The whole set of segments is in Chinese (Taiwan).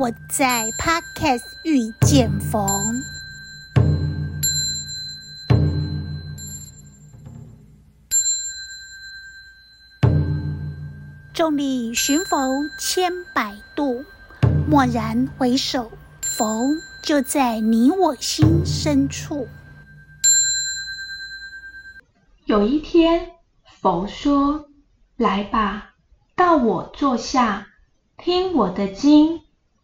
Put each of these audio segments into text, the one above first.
我在 Podcast 遇見佛。眾裡尋佛千百度，驀然回首，佛就在你我心深處。有一天，佛說：“來吧，到我坐下，聽我的經。”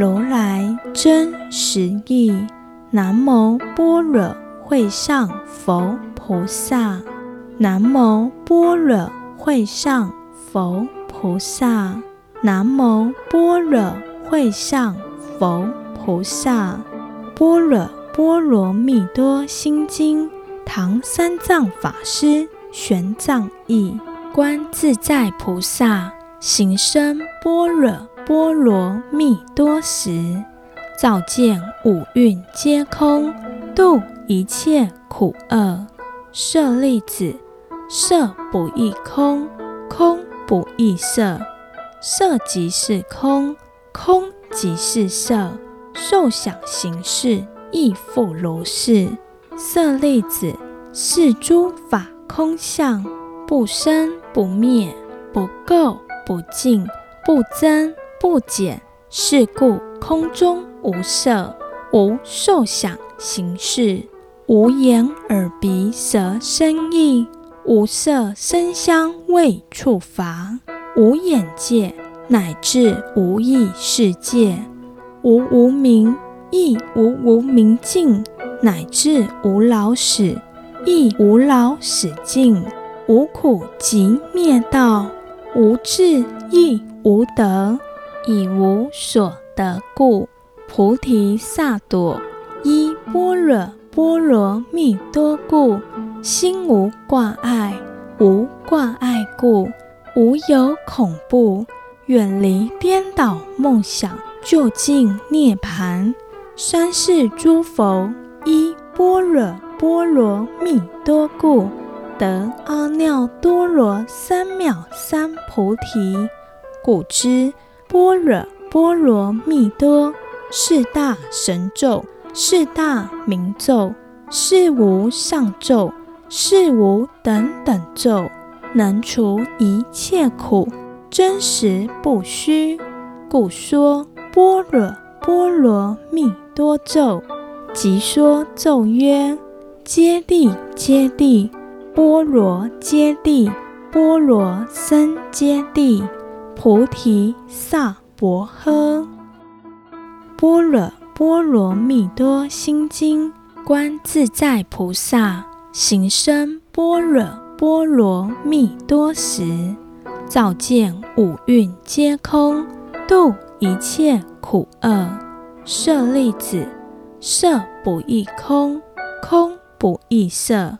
如來真實義，南無般若會上佛菩薩，南無般若會上佛菩薩，南無般若會上佛菩薩。《般若波羅蜜多心經》，唐三藏法師玄奘譯。觀自在菩薩，行深般若。波羅蜜多時，照見五蘊皆空，度一切苦厄。舍利子，色不異空，空不異色，色即是空，空即是色，受想行識，亦復如是。舍利子，是諸法空相，不生不滅，不垢不淨，不增，不減，是故空中無色，無受想行識，無眼耳鼻舌身意，無色聲香味觸法，無眼界，乃至無意識界，無無明，亦無無明盡，乃至無老死，亦無老死盡，無苦集滅道，無智亦無得。以無所得故，菩提薩埵依般若波羅蜜多故，心無掛礙；無掛礙故，無有恐怖，遠離顛倒夢想，究竟涅槃。三世諸佛依般若波羅蜜多故，得阿耨多羅三藐三菩提。故知。般若波羅蜜多，是大神咒，是大明咒，是無上咒，是無等等咒，能除一切苦，真實不虛。故說般若波羅蜜多咒，即說咒曰：揭諦，揭諦，波羅揭諦，波羅僧揭諦。菩提薩婆訶。般若波羅蜜多心經。觀自在菩薩，行深般若波羅蜜多時，照見五蘊皆空，度一切苦厄。舍利子，色不異空，空不異色，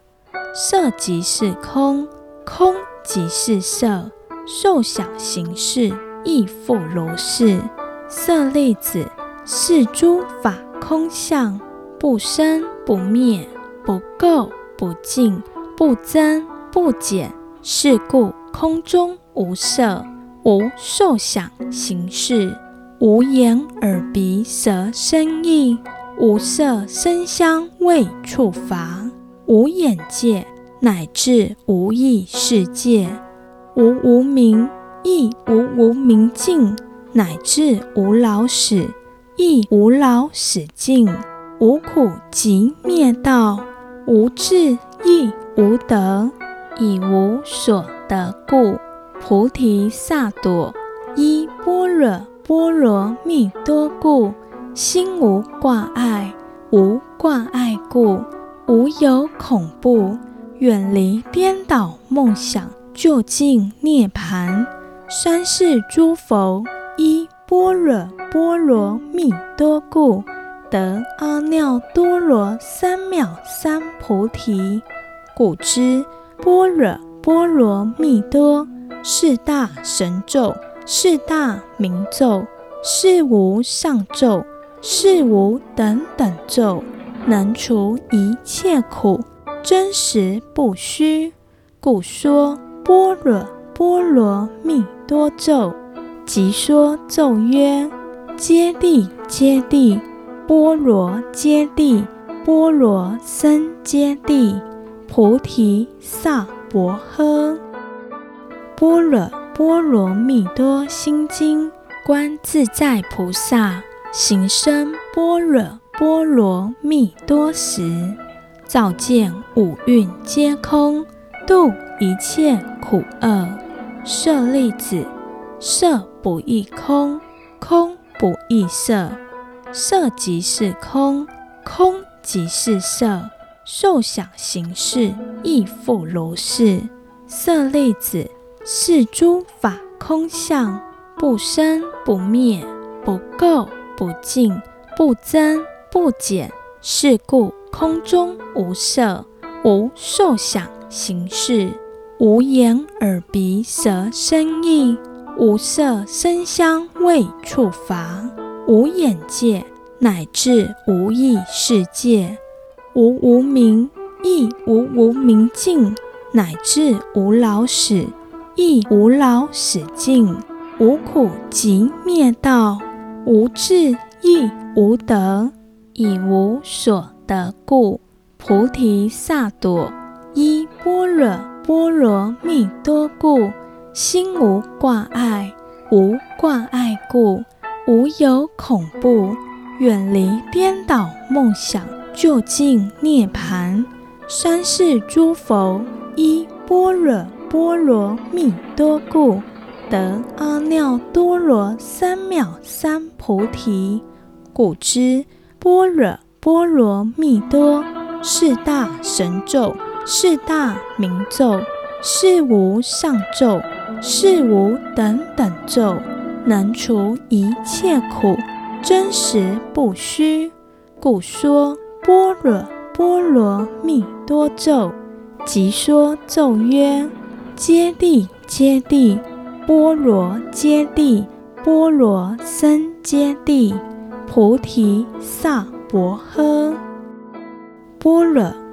色即是空，空即是色。受、想、行、識，亦復如是。舍利子！是諸法空相，不生不滅，不垢不淨，不增不減。是故空中無色，無受、想、行、識，無眼、耳、鼻、舌、身、意，無色、聲、香、味、觸、法，無眼界，乃至無意識界。無無明，亦無無明盡；乃至無老死，亦無老死盡；無苦集滅道，無智亦無得，以無所得故，菩提薩埵，依般若波羅蜜多故，心無掛礙；無掛礙故，無有恐怖，遠離顛倒夢想。究竟涅槃，三世諸佛依般若波羅蜜多故，得阿耨多羅三藐三菩提。故知般若波羅蜜多，是大神咒，是大明咒，是無上咒，是無等等咒，能除一切苦，真實不虛。故說，般若波羅蜜多咒，即說咒曰：揭諦揭諦，波羅揭諦，波羅僧揭諦，菩提薩婆訶。般若波羅蜜多心經，觀自在菩薩，行深般若波羅蜜多時，照見五蘊皆空，度一切苦厄，舍利子，色不異空，空不異色，色即是空，空即是色，受想行識亦復如是。舍利子，是諸法空相，不生不滅，不垢不淨，不增不減。是故空中無色，無受想行識。無眼、耳、鼻、舌、身、意；無色、聲、香、味、觸、法；無眼界，乃至無意識界；無無明，亦無無明盡；乃至無老死，亦無老死盡；無苦集滅道，無智亦無得，以無所得故，菩提薩埵依般若。波羅蜜多故，心無掛礙；無掛礙故，無有恐怖；遠離顛倒夢想，究竟涅槃。三世諸佛依般若波羅蜜多故，得阿耨多羅三藐三菩提。故知般若波羅蜜多，是大神咒。是大明咒，是無上咒，是無等等咒，能除一切苦，真實不虛，故說般若波羅蜜多咒，即說咒曰：揭諦揭諦，波羅揭諦，波羅僧揭諦，菩提薩婆訶。般若。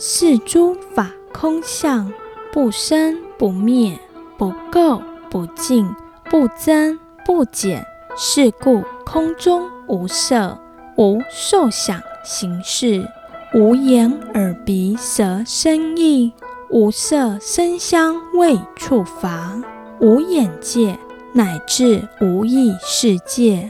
是諸法空相，不生不滅，不垢不淨，不增不減。是故空中無色，無受想行識，無眼耳鼻舌身意，無色聲香味觸法，無眼界，乃至無意識界，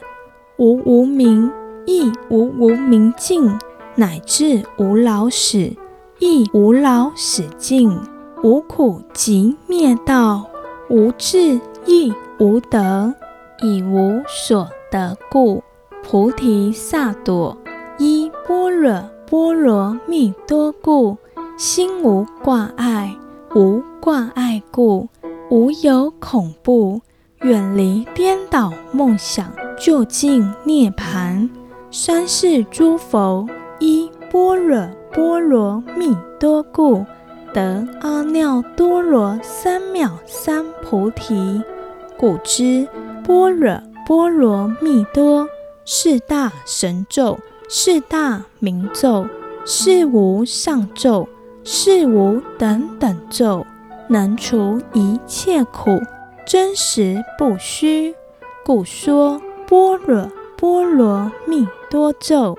無無明，亦無無明盡，乃至無老死。亦無老死盡，無苦集滅道，無智亦無得，以無所得故，菩提薩埵依般若波羅蜜多故，心無掛礙，無掛礙故，無有恐怖，遠離顛倒夢想，究竟涅槃。三世諸佛依般若波羅蜜多故，得阿耨多羅三藐三菩提。故知般若波羅蜜多，是大神咒、是大明咒、是無上咒、是無等等咒，能除一切苦，真實不虛。故說般若波羅蜜多咒，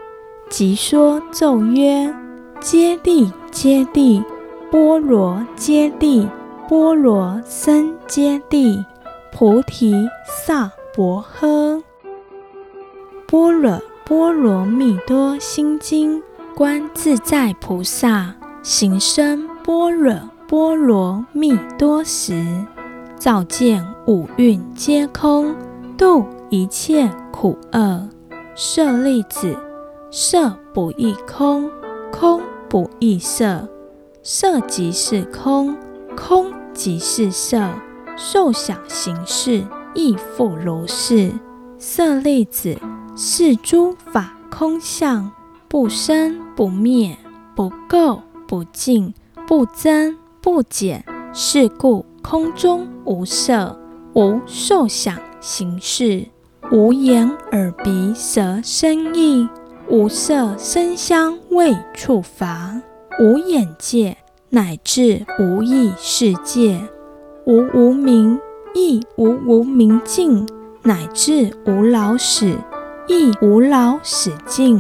即說咒曰。揭諦揭諦，波羅揭諦，波羅僧揭諦，菩提薩婆訶。《般若波羅蜜多心經》，觀自在菩薩，行深般若波羅蜜多時，照見五蘊皆空，度一切苦厄。舍利子，色不異空，空。不異色，色即是空，空即是色，受想行識亦復如是。舍利子！是諸法空相，不生不滅，不垢不淨，不增不減。是故空中無色，無受想行識，無眼耳鼻舌身意。無色聲香味觸法，無眼界，乃至無意識界；無無明，亦無無明盡，乃至無老死，亦無老死盡；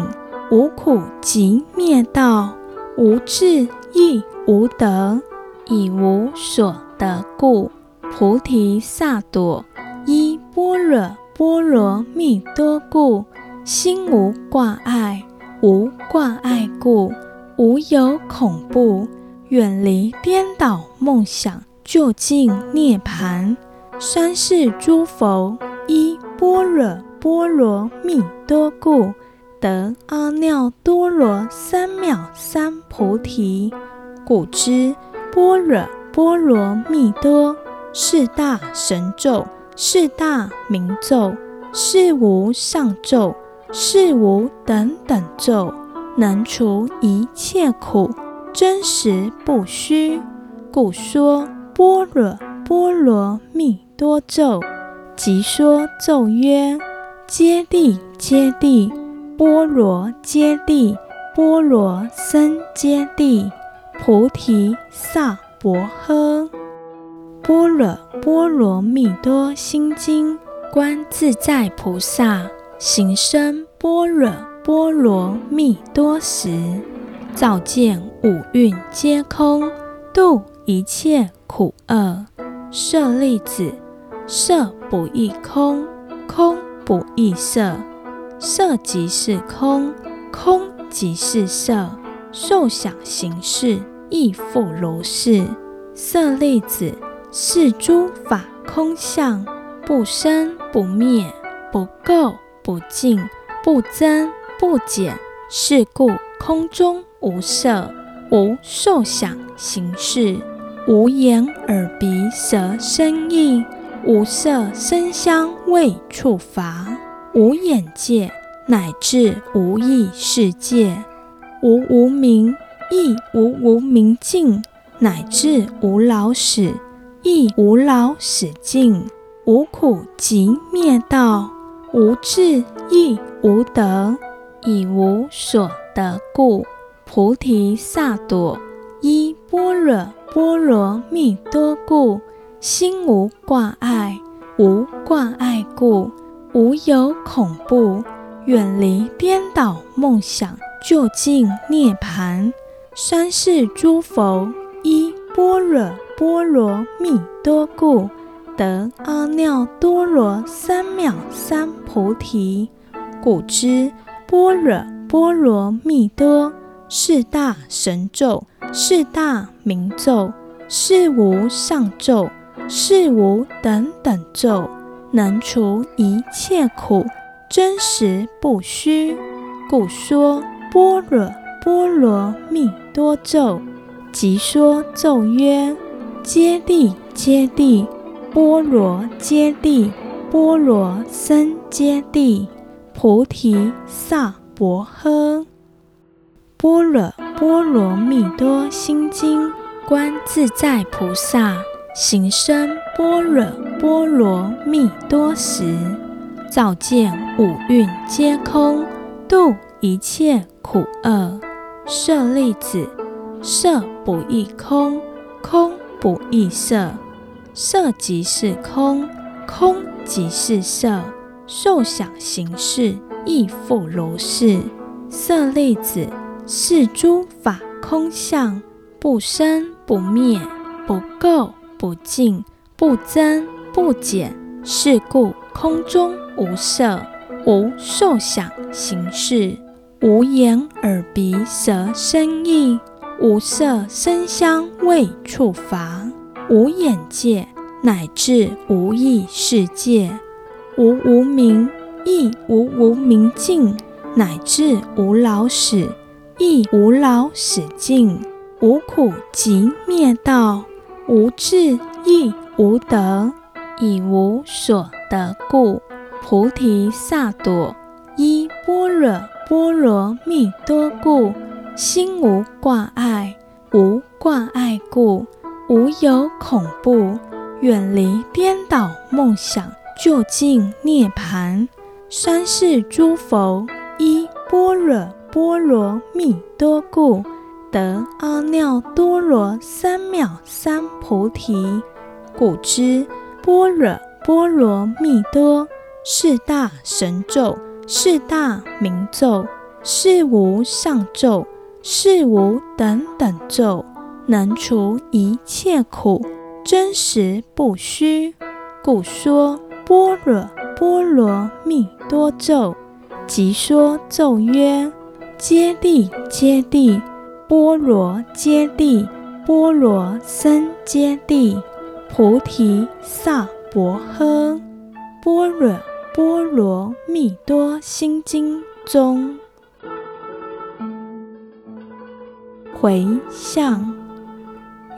無苦集滅道，無智亦無得，以無所得故，菩提薩埵，依般若波羅蜜多故。心無掛礙，無掛礙故，無有恐怖，遠離顛倒夢想，究竟涅槃。三世諸佛依般若波羅蜜多故，得阿耨多羅三藐三菩提。故知般若波羅蜜多，是大神咒，是大明咒，是無上咒。是無等等咒，能除一切苦，真實不虛，故說般若波羅蜜多咒。即說咒曰：揭諦揭諦，波羅揭諦，波羅僧揭諦，菩提薩婆訶。《般若波羅蜜多心經》，觀自在菩薩。行深般若波羅蜜多時，照見五蘊皆空，度一切苦厄。舍利子，色不異空，空不異色，色即是空，空即是色，受想行識，亦復如是。舍利子，是諸法空相，不生不滅，不垢。不淨不增不減，是故空中無色，無受想行識，無眼耳鼻舌身意，無色聲香味觸法，無眼界，乃至無意識界，無無明，亦無無明盡，乃至無老死，亦無老死盡，無苦集滅道。無智亦無得，以無所得故，菩提薩埵依般若波羅蜜多故，心無掛礙，無掛礙故，無有恐怖，遠離顛倒夢想，究竟涅槃。三世諸佛依般若波羅蜜多故。得阿耨多羅三藐三菩提，故知般若波羅蜜多，是大神咒、是大明咒、是無上咒、是無等等咒，能除一切苦，真實不虛。故說般若波羅蜜多咒，即說咒曰：揭諦，揭諦。波羅揭諦，波羅僧揭諦，菩提薩婆訶。《般若波羅蜜多心經》，觀自在菩薩，行深般若波羅蜜多時，照見五蘊皆空，度一切苦厄。舍利子，色不異空，空不異色。色即是空，空即是色，受想行識亦復如是。舍利子！是諸法空相，不生不滅，不垢不淨，不增不減。是故空中無色，無受想行識，無眼耳鼻舌身意，無色聲香味觸法。無眼界，乃至無意識界；無無明，亦無無明盡；乃至無老死，亦無老死盡；無苦集滅道，無智亦無得，以無所得故，菩提薩埵依般若波羅蜜多故，心無掛礙，無掛礙故。無有恐怖，遠離顛倒夢想，究竟涅槃。三世諸佛依般若波羅蜜多故，得阿耨多羅三藐三菩提。故知般若波羅蜜多，是大神咒、是大明咒、是無上咒、是無等等咒。能除一切苦，真實不虛，故說般若波羅蜜多咒，即說咒曰：揭諦揭諦，波羅揭諦，波羅僧揭諦，菩提薩婆訶。般若波羅蜜多心經中，回向。